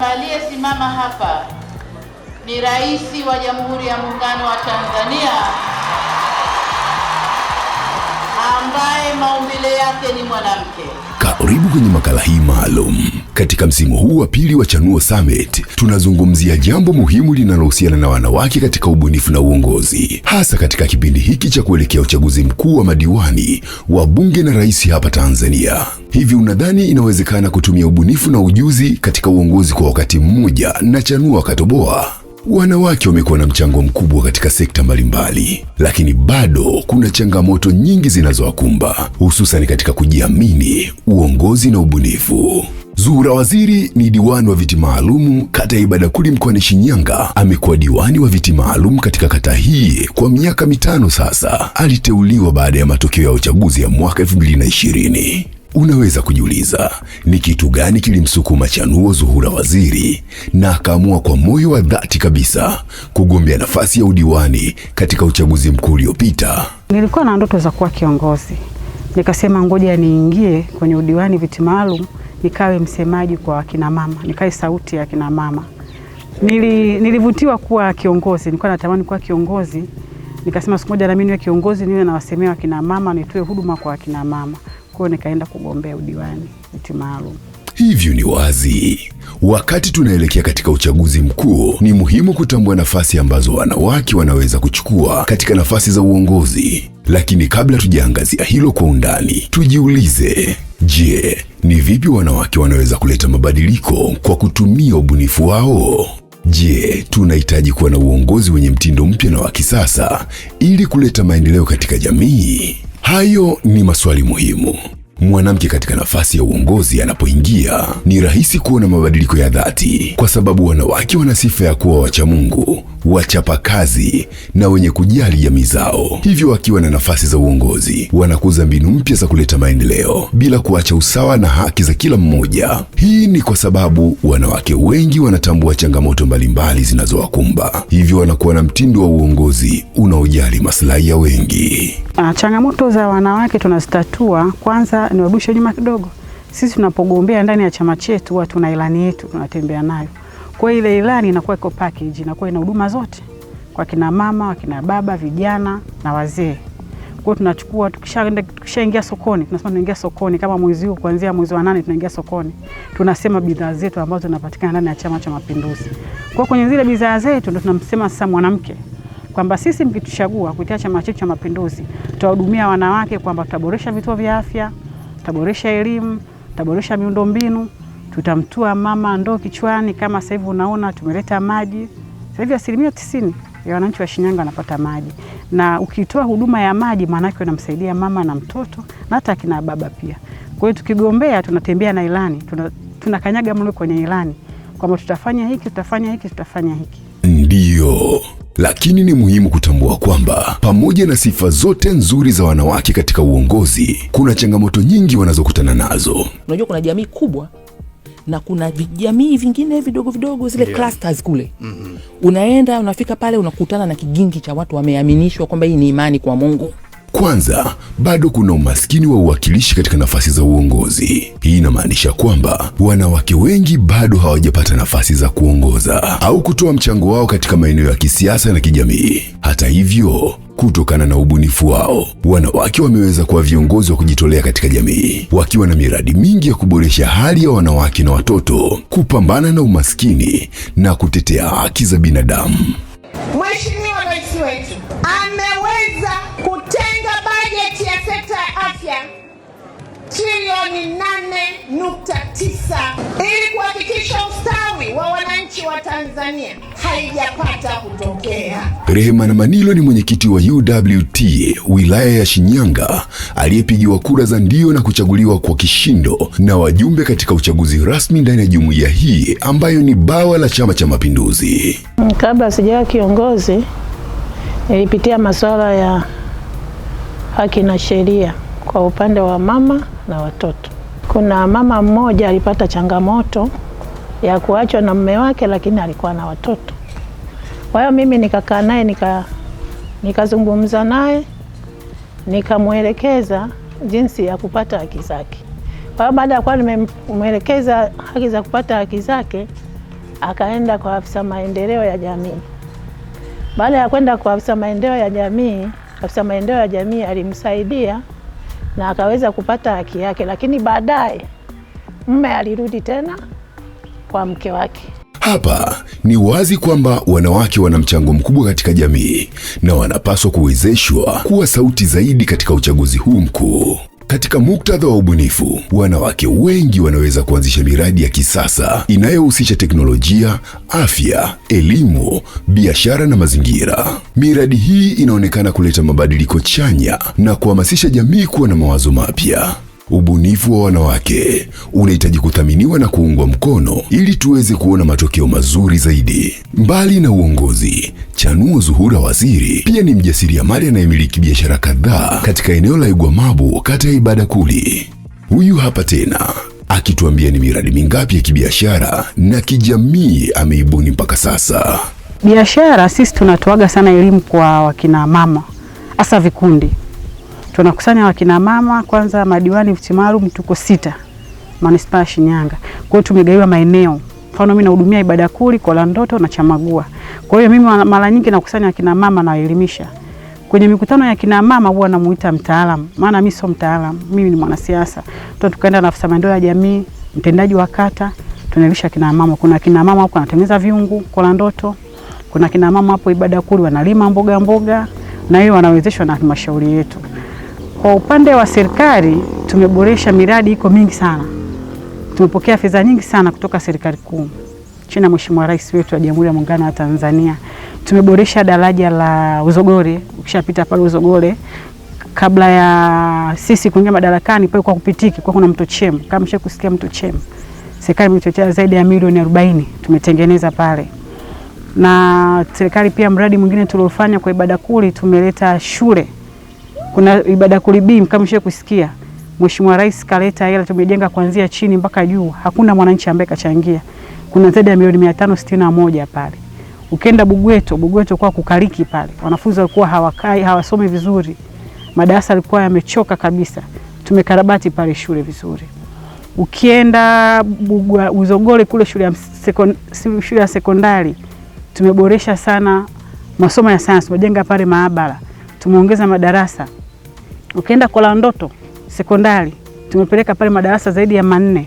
Aliyesimama hapa ni Rais wa Jamhuri ya Muungano wa Tanzania ambaye maumbile yake ni mwanamke. Karibu kwenye makala hii maalum. Katika msimu huu wa pili wa Chanuo Summit tunazungumzia jambo muhimu linalohusiana na wanawake katika ubunifu na uongozi, hasa katika kipindi hiki cha kuelekea uchaguzi mkuu wa madiwani, wa bunge na rais hapa Tanzania. Hivi unadhani inawezekana kutumia ubunifu na ujuzi katika uongozi kwa wakati mmoja? Na Chanuo akatoboa Wanawake wamekuwa na mchango mkubwa katika sekta mbalimbali, lakini bado kuna changamoto nyingi zinazowakumba hususan katika kujiamini, uongozi na ubunifu. Zuhura Waziri ni diwani wa viti maalum kata ya kuli mkoani Shinyanga. Amekuwa diwani wa viti maalum katika kata hii kwa miaka mitano sasa. Aliteuliwa baada ya matokeo ya uchaguzi ya mwaka 2020. Unaweza kujiuliza ni kitu gani kilimsukuma chanuo Zuhura Waziri na akaamua kwa moyo wa dhati kabisa kugombea nafasi ya udiwani katika uchaguzi mkuu uliopita. Nilikuwa na ndoto za kuwa kiongozi, nikasema ngoja niingie kwenye udiwani viti maalum nikawe msemaji kwa mama, nikawe sauti ya mama. Nili, nilivutiwa kuwa kiongozi, nilikuwa natamani kuwa kiongozi. Nikasema siku moja nami niwe kiongozi, niwe nawasemea mama, nitoe huduma kwa mama. Kwa hiyo nikaenda kugombea udiwani viti maalum. Hivyo ni wazi, wakati tunaelekea katika uchaguzi mkuu, ni muhimu kutambua nafasi ambazo wanawake wanaweza kuchukua katika nafasi za uongozi. Lakini kabla tujaangazia hilo kwa undani, tujiulize, je, ni vipi wanawake wanaweza kuleta mabadiliko kwa kutumia ubunifu wao? Je, tunahitaji kuwa na uongozi wenye mtindo mpya na wa kisasa ili kuleta maendeleo katika jamii? Hayo ni maswali muhimu. Mwanamke katika nafasi ya uongozi anapoingia, ni rahisi kuona mabadiliko ya dhati, kwa sababu wanawake wana sifa ya kuwa wacha Mungu, wachapakazi na wenye kujali jamii zao. Hivyo wakiwa na nafasi za uongozi, wanakuza mbinu mpya za kuleta maendeleo bila kuacha usawa na haki za kila mmoja. Hii ni kwa sababu wanawake wengi wanatambua changamoto mbalimbali zinazowakumba, hivyo wanakuwa na mtindo wa uongozi unaojali maslahi ya wengi. Ah, changamoto za wanawake tunazitatua. Kwanza niwarudishe nyuma kidogo, sisi tunapogombea ndani ya chama chetu, huwa tuna ilani yetu tunatembea nayo kwa ile ilani inakuwa iko package, inakuwa ina huduma zote kwa kina mama, wakina baba, vijana na wazee. Kwa hiyo tunachukua, tukishaenda tukishaingia sokoni, tunasema tunaingia sokoni kama mwezi huu, kuanzia mwezi wa nane tunaingia sokoni, tunasema bidhaa zetu ambazo zinapatikana ndani ya Chama cha Mapinduzi. Kwa kwenye zile bidhaa zetu ndio tunamsema sasa mwanamke kwamba sisi mkituchagua kupitia chama chetu cha Mapinduzi tutahudumia wanawake, kwamba tutaboresha vituo vya afya, tutaboresha elimu, tutaboresha miundombinu tutamtua mama ndoo kichwani. Kama sasa hivi unaona tumeleta maji, sasa hivi asilimia tisini ya wananchi wa Shinyanga wanapata maji, na ukitoa huduma ya maji, maanake unamsaidia mama na mtoto na hata akina baba pia. Kwa hiyo tukigombea, tunatembea na ilani, tunakanyaga tuna mle kwenye ilani kwamba tutafanya hiki, tutafanya hiki, tutafanya hiki, ndio lakini ni muhimu kutambua kwamba pamoja na sifa zote nzuri za wanawake katika uongozi, kuna changamoto nyingi wanazokutana nazo. Unajua, kuna jamii kubwa na kuna vijamii vingine vidogo vidogo zile yeah. clusters kule mm -hmm. Unaenda unafika pale unakutana na kigingi cha watu wameaminishwa kwamba hii ni imani kwa Mungu kwanza, bado kuna umaskini wa uwakilishi katika nafasi za uongozi. Hii inamaanisha kwamba wanawake wengi bado hawajapata nafasi za kuongoza au kutoa mchango wao katika maeneo ya kisiasa na kijamii. Hata hivyo, kutokana na ubunifu wao, wanawake wameweza kuwa viongozi wa kujitolea katika jamii, wakiwa na miradi mingi ya kuboresha hali ya wanawake na watoto, kupambana na umaskini na kutetea haki za binadamu. Mwishu. bilioni 8.9 ili kuhakikisha ustawi wa wananchi wa Tanzania haijapata kutokea. Rehema Manilo ni mwenyekiti wa UWT wilaya ya Shinyanga aliyepigiwa kura za ndio na kuchaguliwa kwa kishindo na wajumbe katika uchaguzi rasmi ndani ya jumuiya hii ambayo ni bawa la Chama cha Mapinduzi. Kabla sijawa kiongozi nilipitia masuala ya haki na sheria kwa upande wa mama na watoto. Kuna mama mmoja alipata changamoto ya kuachwa na mume wake, lakini alikuwa na watoto. Kwa hiyo mimi nikakaa naye nika nikazungumza naye nikamwelekeza jinsi ya kupata haki zake. Kwa hiyo baada ya kuwa nimemwelekeza haki za kupata haki zake, akaenda kwa afisa maendeleo ya jamii. Baada ya kwenda kwa afisa maendeleo ya jamii, afisa maendeleo ya jamii alimsaidia na akaweza kupata haki yake, lakini baadaye mme alirudi tena kwa mke wake. Hapa ni wazi kwamba wanawake wana mchango mkubwa katika jamii na wanapaswa kuwezeshwa kuwa sauti zaidi katika uchaguzi huu mkuu. Katika muktadha wa ubunifu, wanawake wengi wanaweza kuanzisha miradi ya kisasa inayohusisha teknolojia, afya, elimu, biashara na mazingira. Miradi hii inaonekana kuleta mabadiliko chanya na kuhamasisha jamii kuwa na mawazo mapya. Ubunifu wa wanawake unahitaji kuthaminiwa na kuungwa mkono ili tuweze kuona matokeo mazuri zaidi. Mbali na uongozi, Chanuo Zuhura Waziri pia ni mjasiriamali anayemiliki biashara kadhaa katika eneo la Igwamabu, kata ya Ibadakuli. Huyu hapa tena akituambia ni miradi mingapi ya kibiashara na kijamii ameibuni mpaka sasa. Biashara sisi tunatoaga sana elimu kwa wakina mama, hasa vikundi tunakusanya wakina mama kwanza, madiwani viti maalum tuko sita manispaa ya Shinyanga. Kwa hiyo tumegaiwa maeneo, mfano mimi nahudumia ibada kuli Ibadakuli, Kolandoto na Chamagua. Kwa hiyo mimi mara nyingi nakusanya wakina mama na waelimisha kwenye mikutano ya kina mama huwa namuita mtaalamu, maana mimi sio mtaalamu, mimi ni mwanasiasa tu. Tukaenda na afisa maendeleo ya jamii, mtendaji wa kata, tunaelisha kina mama. Kuna kina mama huko wanatengeneza viungu kola ndoto, kuna kina mama hapo ibada kuli wanalima mboga mboga, na hiyo wanawezeshwa na halmashauri yetu. Kwa upande wa serikali tumeboresha miradi iko mingi sana, tumepokea fedha nyingi sana kutoka serikali kuu chini ya Mheshimiwa Rais wetu wa Jamhuri ya Muungano wa Tanzania. Tumeboresha daraja la Uzogole, ukishapita pale Uzogore kabla ya sisi kuingia madarakani pale kwa kupitiki kwa kuna mto Chemu, kama mshakusikia mto Chemu, serikali imechochea zaidi ya milioni arobaini tumetengeneza pale na serikali pia. Mradi mwingine tuliofanya kwa ibada kuli, tumeleta shule kuna ibada kulibim kama mshe kusikia, Mheshimiwa Rais kaleta hela, tumejenga kuanzia chini mpaka juu, hakuna mwananchi ambaye kachangia. Kuna zaidi ya milioni mia moja pale. Ukenda Bugweto, Bugweto kwa kukariki pale, wanafunzi walikuwa hawakai hawasomi vizuri, madarasa yalikuwa yamechoka kabisa, tumekarabati pale shule vizuri. Ukienda Bugwa, Uzogole kule shule ya sekondari, shule ya sekondari tumeboresha sana masomo ya sayansi, tumejenga pale maabara, tumeongeza madarasa. Ukienda Kolandoto sekondari tumepeleka pale madarasa zaidi ya manne,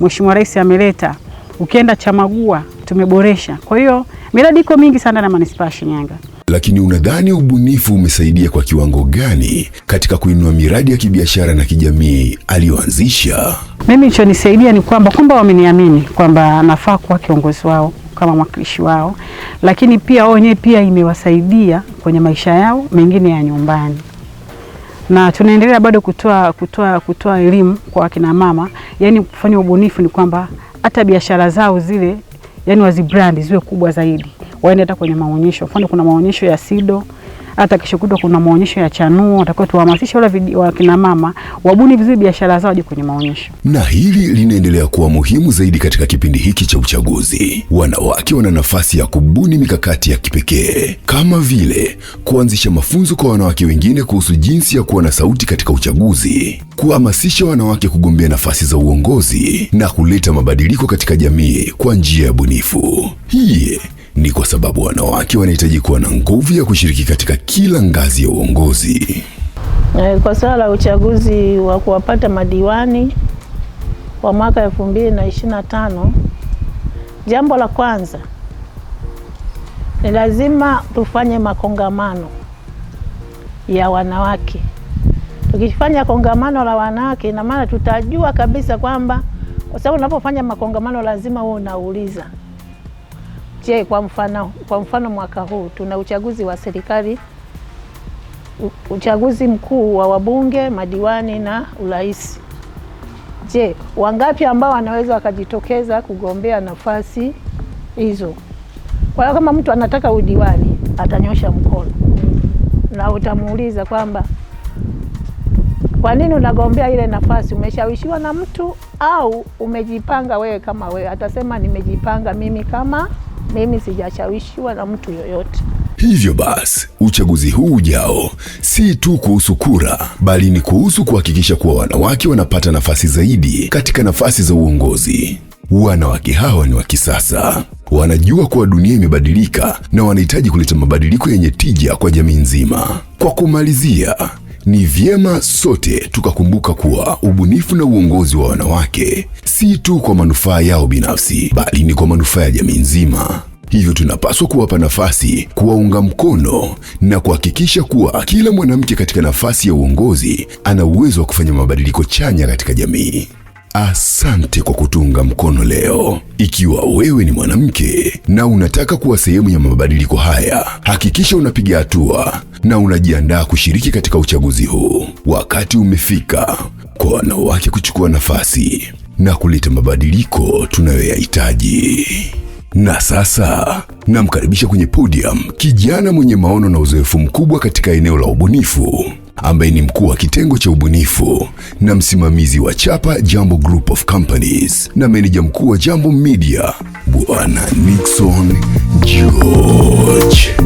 Mheshimiwa Rais ameleta. Ukienda Chamagua tumeboresha. Kwa hiyo miradi iko mingi sana na manispaa Shinyanga. Lakini unadhani ubunifu umesaidia kwa kiwango gani katika kuinua miradi ya kibiashara na kijamii aliyoanzisha? Mimi nilichonisaidia ni kwamba kwamba wameniamini kwamba nafaa kuwa kiongozi wao kama mwakilishi wao, lakini pia wao wenyewe pia imewasaidia kwenye maisha yao mengine ya nyumbani na tunaendelea bado kutoa kutoa kutoa elimu kwa wakina mama, yani kufanya ubunifu ni kwamba hata biashara zao zile, yani wazibrand ziwe kubwa zaidi, waende hata kwenye maonyesho. Mfano, kuna maonyesho ya SIDO hata kesho kuna maonyesho ya chanuo, atakuwa tuwahamasisha wale wakina mama wabuni vizuri biashara zao, waje kwenye maonyesho. Na hili linaendelea kuwa muhimu zaidi katika kipindi hiki cha uchaguzi. Wanawake wana nafasi ya kubuni mikakati ya kipekee kama vile kuanzisha mafunzo kwa wanawake wengine kuhusu jinsi ya kuwa na sauti katika uchaguzi, kuhamasisha wanawake kugombea nafasi za uongozi na kuleta mabadiliko katika jamii kwa njia ya bunifu. Hii ni kwa sababu wanawake wanahitaji kuwa na nguvu ya kushiriki katika kila ngazi ya uongozi. Eh, kwa suala la uchaguzi wa kuwapata madiwani wa mwaka elfu mbili na ishirini na tano, jambo la kwanza ni lazima tufanye makongamano ya wanawake. Tukifanya kongamano la wanawake, ina maana tutajua kabisa kwamba, kwa sababu unapofanya makongamano lazima wewe unauliza Je, kwa mfano, kwa mfano mwaka huu tuna uchaguzi wa serikali, uchaguzi mkuu wa wabunge, madiwani na urais. Je, wangapi ambao wanaweza wakajitokeza kugombea nafasi hizo? Kwa hiyo kama mtu anataka udiwani atanyosha mkono na utamuuliza kwamba kwa nini unagombea ile nafasi, umeshawishiwa na mtu au umejipanga wewe kama wewe? Atasema nimejipanga mimi kama mimi sijashawishiwa na mtu yoyote. Hivyo basi uchaguzi huu ujao si tu kuhusu kura, bali ni kuhusu kuhakikisha kuwa wanawake wanapata nafasi zaidi katika nafasi za uongozi. Wanawake hawa ni wa kisasa, wanajua kuwa dunia imebadilika na wanahitaji kuleta mabadiliko yenye tija kwa jamii nzima. Kwa kumalizia ni vyema sote tukakumbuka kuwa ubunifu na uongozi wa wanawake si tu kwa manufaa yao binafsi, bali ni kwa manufaa ya jamii nzima. Hivyo tunapaswa kuwapa nafasi, kuwaunga mkono na kuhakikisha kuwa kila mwanamke katika nafasi ya uongozi ana uwezo wa kufanya mabadiliko chanya katika jamii. Asante kwa kutunga mkono leo. Ikiwa wewe ni mwanamke na unataka kuwa sehemu ya mabadiliko haya, hakikisha unapiga hatua na unajiandaa kushiriki katika uchaguzi huu. Wakati umefika kwa wanawake kuchukua nafasi na kuleta mabadiliko tunayoyahitaji. Na sasa namkaribisha kwenye podium kijana mwenye maono na uzoefu mkubwa katika eneo la ubunifu ambaye ni mkuu wa kitengo cha ubunifu na msimamizi wa chapa Jambo Group of Companies na meneja mkuu wa Jambo Media Bwana Nixon George.